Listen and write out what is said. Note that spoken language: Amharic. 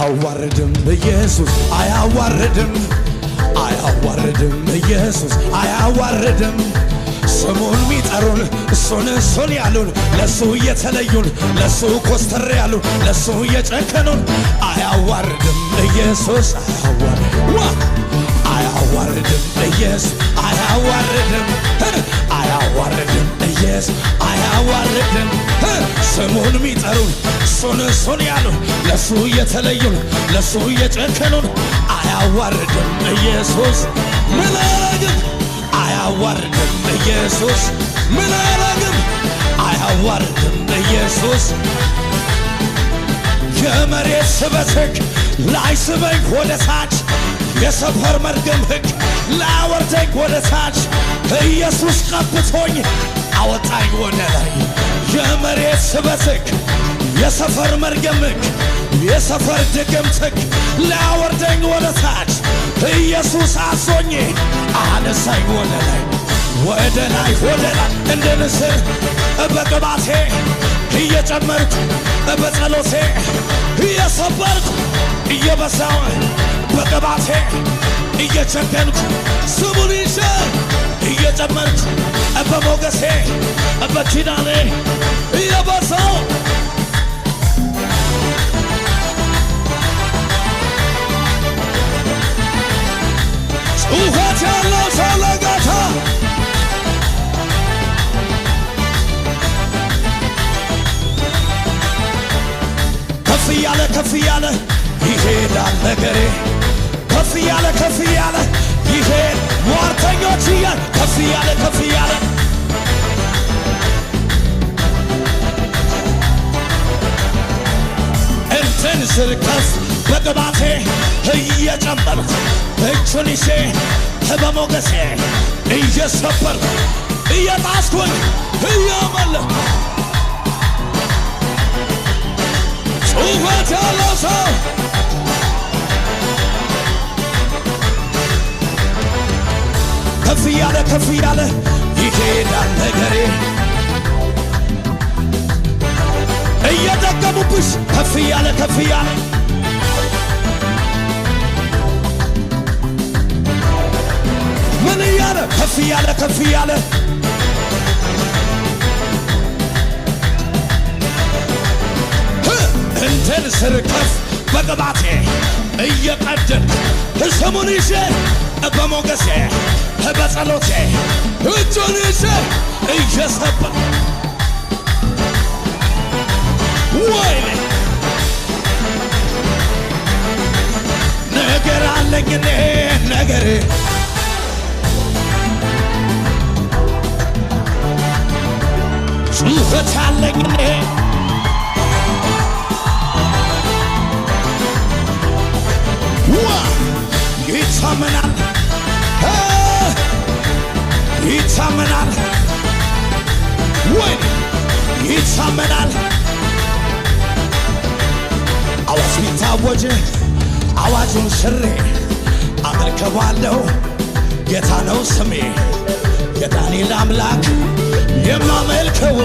አያዋርድም ኢየሱስ አያዋርድም አያዋርድም ኢየሱስ አያዋርድም። ስሙን ሚጠሩን እሱን እሱን ያሉን ለሱ እየተለዩን ለሱ ኮስተር ያሉን ለሱ እየጨከኑን አያዋርድም ኢየሱስ አያዋርድም ኢየሱስ አያዋርድም ኢየሱስ ስሙን ሚጠሩን እሱን እሱን ያሉን ለሱ እየተለዩን ለሱ የጨከኑን አያዋርድም ኢየሱስ ምናረግም አያዋርድም ኢየሱስ ምናረግም አያዋርድም ኢየሱስ የመሬት ስበት ሕግ ላይ ስበኝ ወደ ታች የሰፈር መርገም ሕግ ላያወርደኝ ወደ ታች ኢየሱስ ቀብቶኝ አወጣኝ ወደ ላይ የመሬት ስበትክ የሰፈር መርገምክ የሰፈር ድግምትክ ሊያወርደኝ ወደ ታች ኢየሱስ አዞኝ አነሳኝ ወደ ላይ ወደ ላይ ወደ ላይ እንደ ንስር በቅባቴ እየጨመርኩ በጸሎቴ እየሰበርኩ እየበዛው በቅባቴ እየቸገንኩ ስሙን ይዘ እየጨመርኩ በሞገሴ በኪዳኔ Inovação! ውሃት ያለው ሰለጋታ ከፍ እያለ ከፍ እያለ ይሄዳል ነገር ስልከስ በቅባቴ እየጨመርኩ እጁን ይዤ በሞገሴ እየሰበርኩ እየጣስኩን እያመለ ጩኸት ያለው ሰው ከፍ እያለ ከፍ እያለ ይሄዳል ነገሬ كفي على كفي على من يالا كفي على كفي على انت السركف بقضعتي اي قدر هسمونيشي ابا موقسي هبا صلوتي هتونيشي اي جسبك አለኝ እኔ ነገር ጩኸት አለኝ እኔ ይታመናል ይታመናል ወይ ይታመናል አዋጅ ይታወጅ አዋጁን ሽሬ አጠርከባለሁ። ጌታ ነው ስሜ የዳንኤል አምላክ የማመልከው